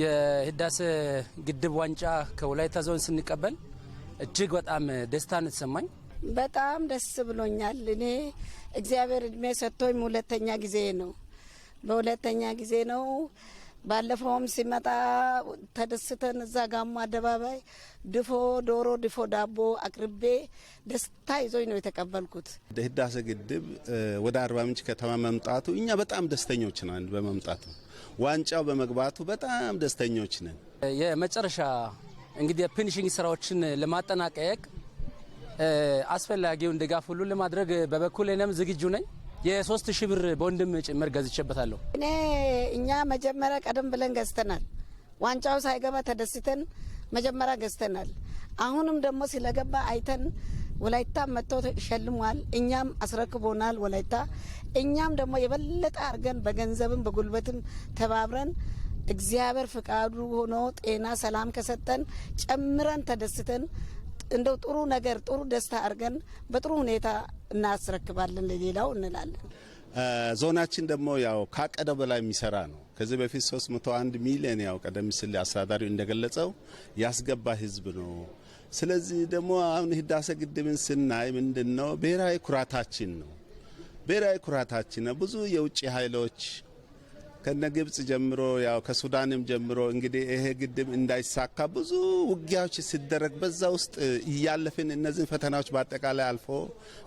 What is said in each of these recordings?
የህዳሴ ግድብ ዋንጫ ከወላይታ ዞን ስንቀበል እጅግ በጣም ደስታ ነው በጣም ደስ ብሎኛል። እኔ እግዚአብሔር እድሜ ሰጥቶኝ ሁለተኛ ጊዜ ነው በሁለተኛ ጊዜ ነው ባለፈውም ሲመጣ ተደስተን እዛ ጋሞ አደባባይ ድፎ ዶሮ፣ ድፎ ዳቦ አቅርቤ ደስታ ይዞኝ ነው የተቀበልኩት። ህዳሴ ግድብ ወደ አርባ ምንጭ ከተማ መምጣቱ እኛ በጣም ደስተኞች ነን። በመምጣቱ ዋንጫው በመግባቱ በጣም ደስተኞች ነን። የመጨረሻ እንግዲህ የፊኒሽንግ ስራዎችን ለማጠናቀቅ አስፈላጊውን ድጋፍ ሁሉ ለማድረግ በበኩል እኔም ዝግጁ ነኝ። የሶስት ሺህ ብር በወንድም ጭምር ገዝቼበታለሁ። እኔ እኛ መጀመሪያ ቀደም ብለን ገዝተናል። ዋንጫው ሳይገባ ተደስተን መጀመሪያ ገዝተናል። አሁንም ደግሞ ስለገባ አይተን ወላይታ መጥቶ ሸልሟል። እኛም አስረክቦናል ወላይታ። እኛም ደግሞ የበለጠ አድርገን በገንዘብም በጉልበትም ተባብረን እግዚአብሔር ፍቃዱ ሆኖ ጤና ሰላም ከሰጠን ጨምረን ተደስተን እንደው ጥሩ ነገር ጥሩ ደስታ አድርገን በጥሩ ሁኔታ እናስረክባለን ለሌላው እንላለን። ዞናችን ደግሞ ያው ካቀደው በላይ የሚሰራ ነው። ከዚህ በፊት 301 ሚሊዮን ያው ቀደም ሲል አስተዳዳሪው እንደገለጸው ያስገባ ህዝብ ነው። ስለዚህ ደግሞ አሁን ህዳሴ ግድብን ስናይ ምንድን ነው ብሔራዊ ኩራታችን ነው። ብሔራዊ ኩራታችን ነው። ብዙ የውጭ ኃይሎች ከነ ግብጽ ጀምሮ ያው ከሱዳንም ጀምሮ እንግዲህ ይሄ ግድብ እንዳይሳካ ብዙ ውጊያዎች ሲደረግ በዛ ውስጥ እያለፍን እነዚህን ፈተናዎች በአጠቃላይ አልፎ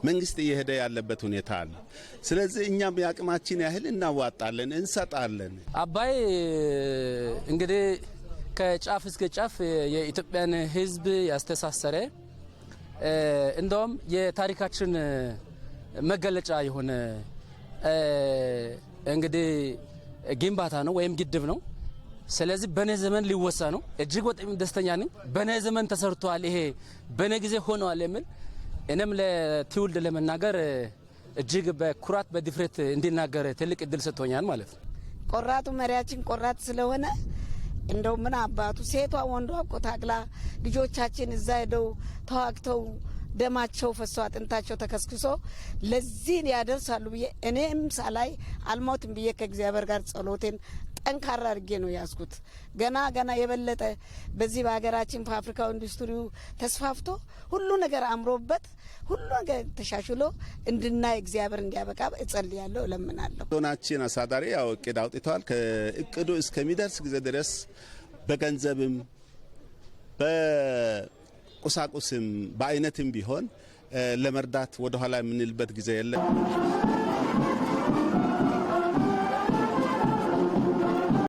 መንግስት እየሄደ ያለበት ሁኔታ አለ። ስለዚህ እኛም የአቅማችን ያህል እናዋጣለን፣ እንሰጣለን። አባይ እንግዲህ ከጫፍ እስከ ጫፍ የኢትዮጵያን ሕዝብ ያስተሳሰረ እንደውም የታሪካችን መገለጫ የሆነ እንግዲህ ግንባታ ነው ወይም ግድብ ነው። ስለዚህ በነ ዘመን ሊወሳ ነው። እጅግ በጣም ደስተኛ ነኝ። በነ ዘመን ተሰርቷል፣ ይሄ በነ ጊዜ ሆነዋል የሚል እኔም ለትውልድ ለመናገር እጅግ በኩራት በድፍረት እንዲናገር ትልቅ እድል ሰጥቶኛል ማለት ነው። ቆራጡ መሪያችን ቆራጥ ስለሆነ እንደው ምን አባቱ ሴቷ ወንዷ እኮ ታግላ ልጆቻችን እዛ ሄደው ተዋግተው ደማቸው ፈሶ አጥንታቸው ተከስክሶ ለዚህን ያደርሳሉ ብዬ እኔም ሳላይ አልሞትም ብዬ ከእግዚአብሔር ጋር ጸሎቴን ጠንካራ አድርጌ ነው ያዝኩት። ገና ገና የበለጠ በዚህ በሀገራችን በአፍሪካው ኢንዱስትሪው ተስፋፍቶ ሁሉ ነገር አምሮበት ሁሉ ነገር ተሻሽሎ እንድናይ እግዚአብሔር እንዲያበቃ እጸልያለሁ፣ እለምናለሁ። ዞናችን አሳዳሪ ያው እቅድ አውጥተዋል። ከእቅዱ እስከሚደርስ ጊዜ ድረስ በገንዘብም በቁሳቁስም በአይነትም ቢሆን ለመርዳት ወደኋላ የምንልበት ጊዜ የለም።